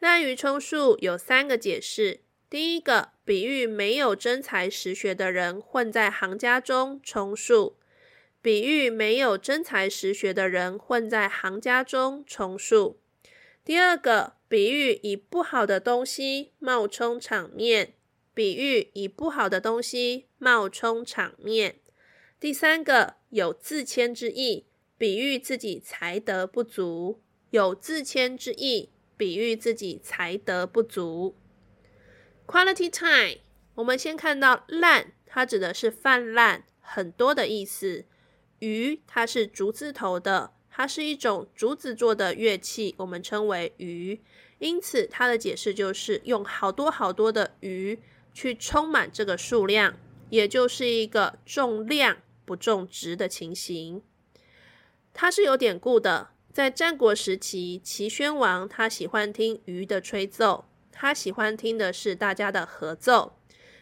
濫竽充數有三個解釋：第一個，比喻沒有真才實學的人混在行家中充數；比喻沒有真才實學的人混在行家中充數。第二個，比喻以不好的東西冒充場面；比喻以不好的東西冒充場面。第三個，有自謙之意，比喻自己才德不足，有自謙之意。比喻自己才德不足。Quality time，我們先看到濫，它指的是泛濫很多的意思。竽，它是竹字頭的，它是一種竹子做的樂器，我們稱為竽。因此，它的解釋就是用好多好多的竽去充滿這個數量，也就是一個重量不重質的情形。它是有典故的。在戰國時期，齊宣王他喜歡聽竽的吹奏，他喜歡聽的是大家的合奏，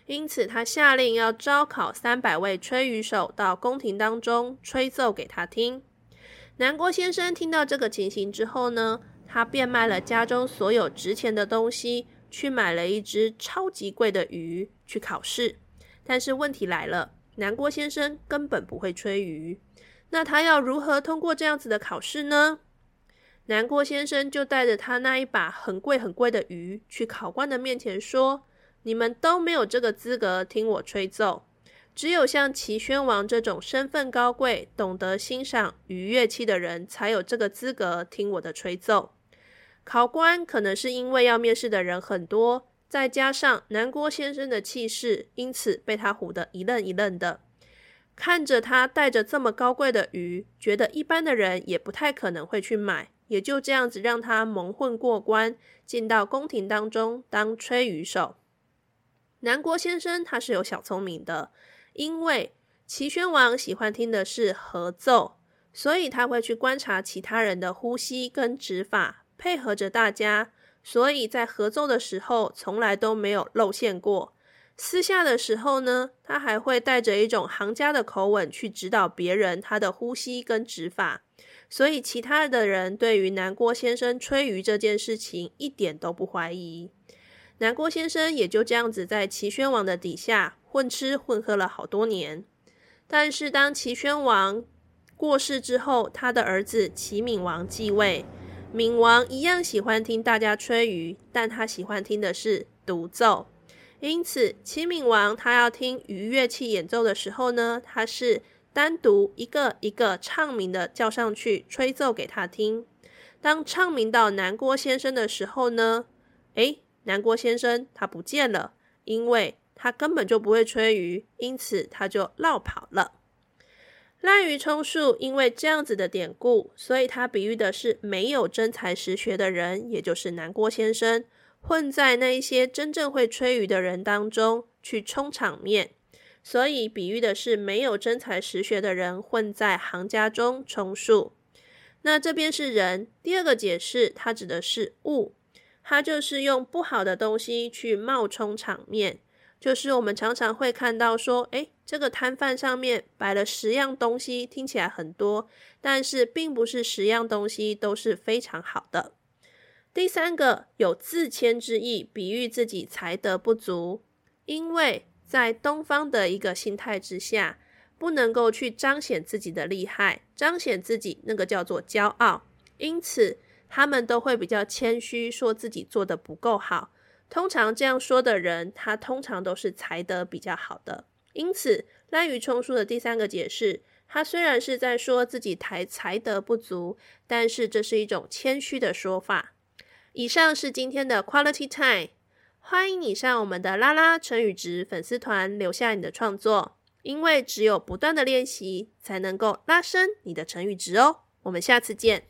因此他下令要招考三百位吹竽手到宮廷當中吹奏給他聽。南郭先生聽到這個情形之後呢，他變賣了家中所有值錢的東西，去買了一隻超級貴的竽去考試。但是問題來了，南郭先生根本不會吹竽。那他要如何通過這樣子的考試呢？南郭先生就帶着他那一把很貴很貴的竽，去考官的面前說：“你們都沒有這個資格聽我吹奏，只有像齊宣王這種身份高貴、懂得欣賞竽樂器的人，才有這個資格聽我的吹奏。”考官可能是因為要面試的人很多，再加上南郭先生的氣勢，因此被他唬得一愣一愣的。看着他帶着這麼高貴的竽，覺得一般的人也不太可能會去買，也就這樣子讓他蒙混過關，進到宮廷當中當吹竽手。南郭先生他是有小聰明的，因為齊宣王喜歡聽的是合奏，所以他會去觀察其他人的呼吸跟指法，配合着大家，所以在合奏的時候從來都沒有露餡過。私下的時候呢，他還會帶着一種行家的口吻去指導別人他的呼吸跟指法，所以其他的人對於南郭先生吹竽這件事情一點都不懷疑。南郭先生也就這樣子在齊宣王的底下混吃混喝了好多年。但是當齊宣王過世之後，他的兒子齊閔王繼位，閔王一樣喜歡聽大家吹竽，但他喜歡聽的是獨奏。因此，齊閔王他要聽竽樂器演奏的時候呢，他是單獨一個一個唱名的叫上去吹奏給他聽。當唱名到南郭先生的時候呢，誒，南郭先生他不見了，因為他根本就不會吹竽，因此他就落跑了。濫竽充數，因為這樣子的典故，所以他比喻的是沒有真才實學的人，也就是南郭先生。混在那一些真正會吹竽的人當中去充場面，所以比喻的是沒有真才實學的人混在行家中充數。那這邊是人，第二個解釋它指的是物，它就是用不好的東西去冒充場面。就是我們常常會看到說，哎，這個攤販上面擺了十樣東西，聽起來很多，但是並不是十樣東西都是非常好的。第三個有自謙之意，比喻自己才德不足。因為在東方的一個心態之下，不能夠去彰顯自己的厲害，彰顯自己那個叫做驕傲。因此，他們都會比較謙虛，說自己做得不夠好。通常這樣說的人，他通常都是才德比較好的。因此，濫竽充數的第三個解釋，他雖然是在說自己才才德不足，但是這是一種謙虛的說法。以上是今天的 Quality Time，歡迎你上我們的拉拉成語質粉絲團留下你的創作，因為只有不斷的練習才能夠拉升你的成語質哦。我們下次見。